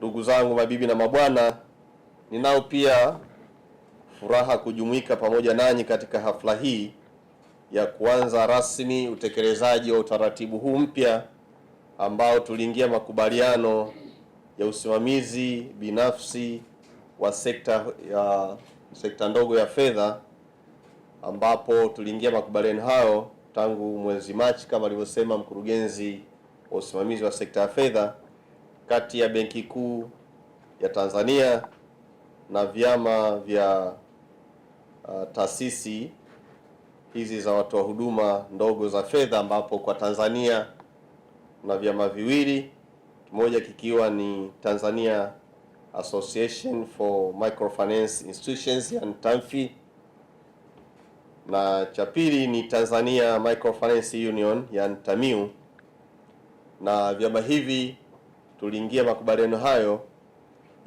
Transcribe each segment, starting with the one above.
Ndugu zangu mabibi na mabwana, ninao pia furaha kujumuika pamoja nanyi katika hafla hii ya kuanza rasmi utekelezaji wa utaratibu huu mpya ambao tuliingia makubaliano ya usimamizi binafsi wa sekta ya sekta ndogo ya fedha, ambapo tuliingia makubaliano hayo tangu mwezi Machi kama alivyosema mkurugenzi wa usimamizi wa sekta ya fedha kati ya Benki Kuu ya Tanzania na vyama vya uh, taasisi hizi za watoa huduma ndogo za fedha, ambapo kwa Tanzania kuna vyama viwili, kimoja kikiwa ni Tanzania Association for Microfinance Institutions and TAMFI na cha pili ni Tanzania Microfinance Union yani TAMIU, na vyama hivi tuliingia makubaliano hayo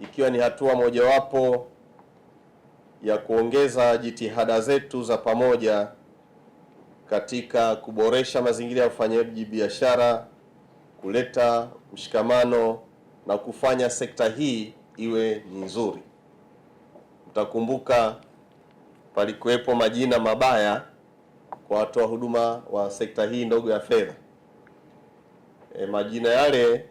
ikiwa ni hatua mojawapo ya kuongeza jitihada zetu za pamoja katika kuboresha mazingira ya ufanyaji biashara, kuleta mshikamano na kufanya sekta hii iwe ni nzuri. Mtakumbuka palikuwepo majina mabaya kwa watoa huduma wa sekta hii ndogo ya fedha. E, majina yale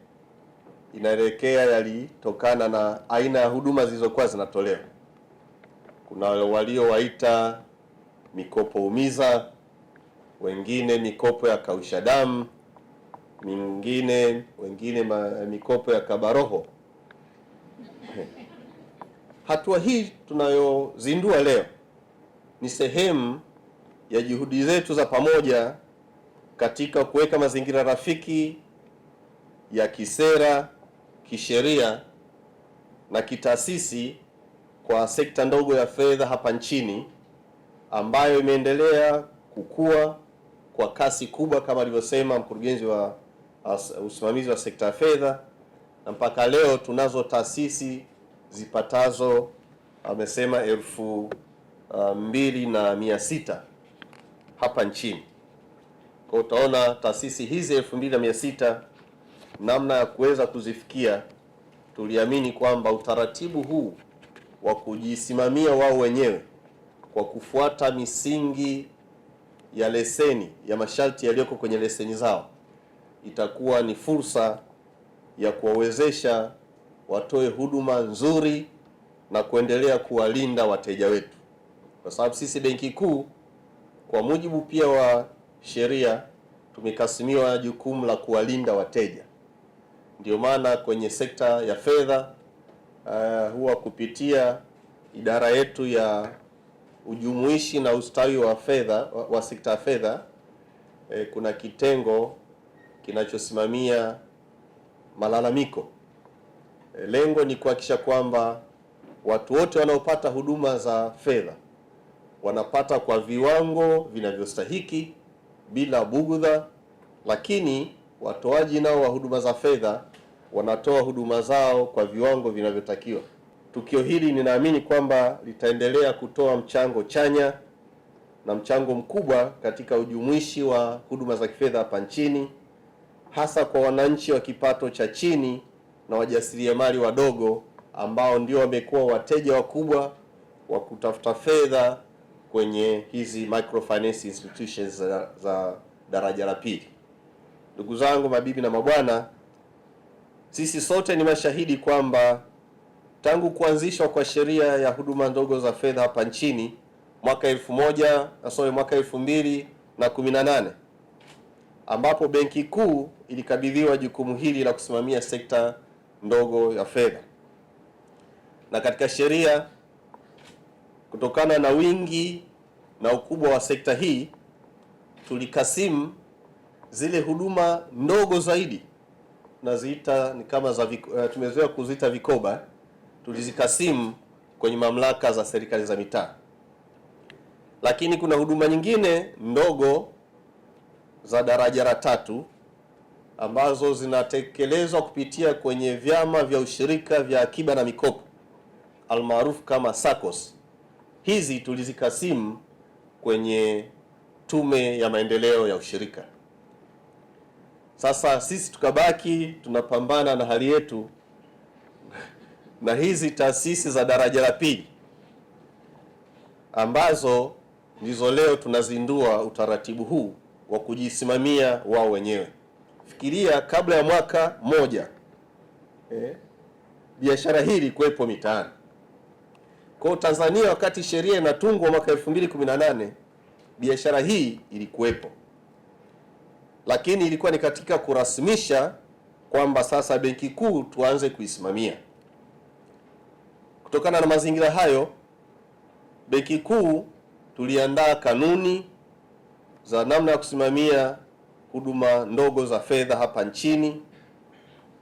inaelekea yalitokana na aina ya huduma zilizokuwa zinatolewa. Kuna waliowaita mikopo umiza, wengine mikopo ya kausha damu, mingine wengine ma, mikopo ya kabaroho. Hatua hii tunayozindua leo ni sehemu ya juhudi zetu za pamoja katika kuweka mazingira rafiki ya kisera kisheria na kitaasisi kwa sekta ndogo ya fedha hapa nchini ambayo imeendelea kukua kwa kasi kubwa kama alivyosema mkurugenzi wa usimamizi wa sekta ya fedha, na mpaka leo tunazo taasisi zipatazo amesema elfu ah, mbili na mia sita hapa nchini. Kwa utaona taasisi hizi elfu mbili na mia sita namna ya kuweza kuzifikia, tuliamini kwamba utaratibu huu wa kujisimamia wao wenyewe kwa kufuata misingi ya leseni ya masharti yaliyoko kwenye leseni zao itakuwa ni fursa ya kuwawezesha watoe huduma nzuri na kuendelea kuwalinda wateja wetu, kwa sababu sisi Benki Kuu kwa mujibu pia wa sheria tumekasimiwa jukumu la kuwalinda wateja. Ndio maana kwenye sekta ya fedha uh, huwa kupitia idara yetu ya ujumuishi na ustawi wa fedha wa, wa sekta ya fedha eh, kuna kitengo kinachosimamia malalamiko. Eh, lengo ni kuhakikisha kwamba watu wote wanaopata huduma za fedha wanapata kwa viwango vinavyostahiki bila bugudha, lakini watoaji nao wa huduma za fedha wanatoa huduma zao kwa viwango vinavyotakiwa. Tukio hili ninaamini kwamba litaendelea kutoa mchango chanya na mchango mkubwa katika ujumuishi wa huduma za kifedha hapa nchini, hasa kwa wananchi wa kipato cha chini na wajasiriamali wadogo ambao ndio wamekuwa wateja wakubwa wa kutafuta fedha kwenye hizi microfinance institutions za, za daraja la pili. Ndugu zangu, mabibi na mabwana sisi sote ni mashahidi kwamba tangu kuanzishwa kwa sheria ya huduma ndogo za fedha hapa nchini mwaka elfu moja sorry, mwaka elfu mbili na kumi na nane ambapo Benki Kuu ilikabidhiwa jukumu hili la kusimamia sekta ndogo ya fedha, na katika sheria, kutokana na wingi na ukubwa wa sekta hii, tulikasimu zile huduma ndogo zaidi tunaziita ni kama za uh, tumezoea kuziita vikoba, tulizikasimu kwenye mamlaka za serikali za mitaa. Lakini kuna huduma nyingine ndogo za daraja la tatu ambazo zinatekelezwa kupitia kwenye vyama vya ushirika vya akiba na mikopo almaarufu kama SACCOS. Hizi tulizikasimu kwenye Tume ya Maendeleo ya Ushirika. Sasa sisi tukabaki tunapambana na hali yetu na hizi taasisi za daraja la pili ambazo ndizo leo tunazindua utaratibu huu wa kujisimamia wao wenyewe. Fikiria kabla ya mwaka moja eh, biashara hii ilikuwepo mitaani. Kwa Tanzania wakati sheria inatungwa mwaka 2018 biashara hii ilikuwepo lakini ilikuwa ni katika kurasmisha kwamba sasa benki kuu tuanze kuisimamia. Kutokana na mazingira hayo, benki kuu tuliandaa kanuni za namna ya kusimamia huduma ndogo za fedha hapa nchini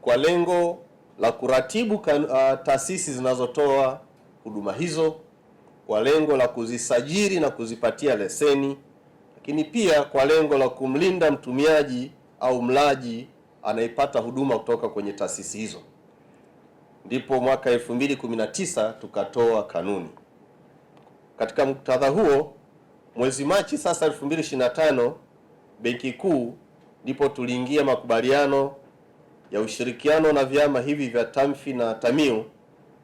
kwa lengo la kuratibu kan, uh, taasisi zinazotoa huduma hizo kwa lengo la kuzisajili na kuzipatia leseni lakini pia kwa lengo la kumlinda mtumiaji au mlaji anayepata huduma kutoka kwenye taasisi hizo. Ndipo mwaka 2019 tukatoa kanuni. Katika muktadha huo, mwezi Machi sasa 2025, Benki Kuu ndipo tuliingia makubaliano ya ushirikiano na vyama hivi vya Tamfi na Tamiu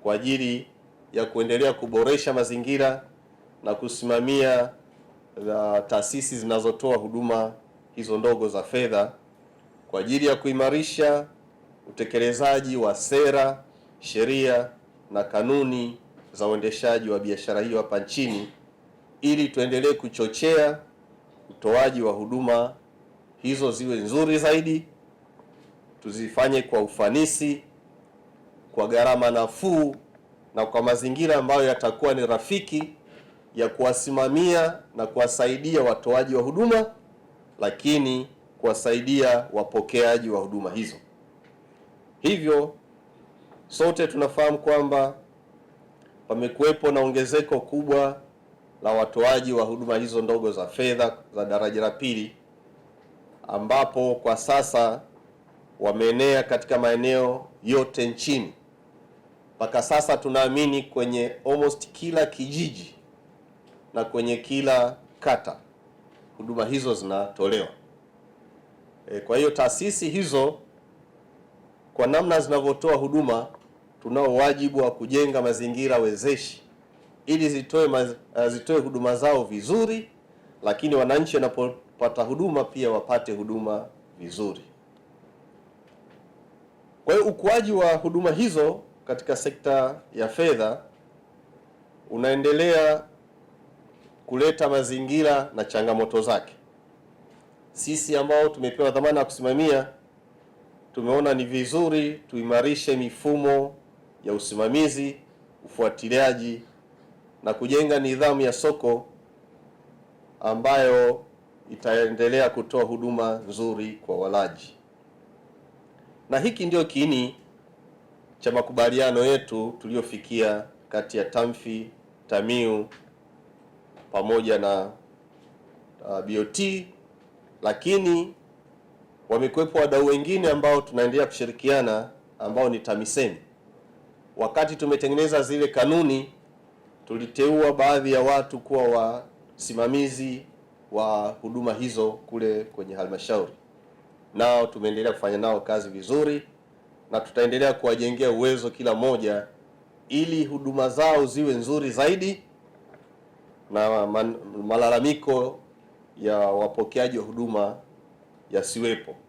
kwa ajili ya kuendelea kuboresha mazingira na kusimamia za taasisi zinazotoa huduma hizo ndogo za fedha kwa ajili ya kuimarisha utekelezaji wa sera, sheria na kanuni za uendeshaji wa biashara hiyo hapa nchini ili tuendelee kuchochea utoaji wa huduma hizo ziwe nzuri zaidi, tuzifanye kwa ufanisi, kwa gharama nafuu na kwa mazingira ambayo yatakuwa ni rafiki ya kuwasimamia na kuwasaidia watoaji wa huduma, lakini kuwasaidia wapokeaji wa huduma hizo. Hivyo sote tunafahamu kwamba pamekuwepo na ongezeko kubwa la watoaji wa huduma hizo ndogo za fedha za daraja la pili, ambapo kwa sasa wameenea katika maeneo yote nchini. Mpaka sasa tunaamini kwenye almost kila kijiji na kwenye kila kata huduma hizo zinatolewa. E, kwa hiyo taasisi hizo kwa namna zinavyotoa huduma, tunao wajibu wa kujenga mazingira wezeshi ili zitoe, maz, e, zitoe huduma zao vizuri, lakini wananchi wanapopata huduma pia wapate huduma vizuri. Kwa hiyo ukuaji wa huduma hizo katika sekta ya fedha unaendelea kuleta mazingira na changamoto zake. Sisi ambao tumepewa dhamana ya kusimamia, tumeona ni vizuri tuimarishe mifumo ya usimamizi, ufuatiliaji na kujenga nidhamu ya soko ambayo itaendelea kutoa huduma nzuri kwa walaji, na hiki ndio kiini cha makubaliano yetu tuliyofikia kati ya Tamfi, Tamiu pamoja na uh, BOT, lakini wamekuwepo wadau wengine ambao tunaendelea kushirikiana ambao ni TAMISEMI. Wakati tumetengeneza zile kanuni, tuliteua baadhi ya watu kuwa wasimamizi wa huduma hizo kule kwenye halmashauri, nao tumeendelea kufanya nao kazi vizuri, na tutaendelea kuwajengea uwezo kila mmoja ili huduma zao ziwe nzuri zaidi na man, malalamiko ya wapokeaji wa huduma yasiwepo.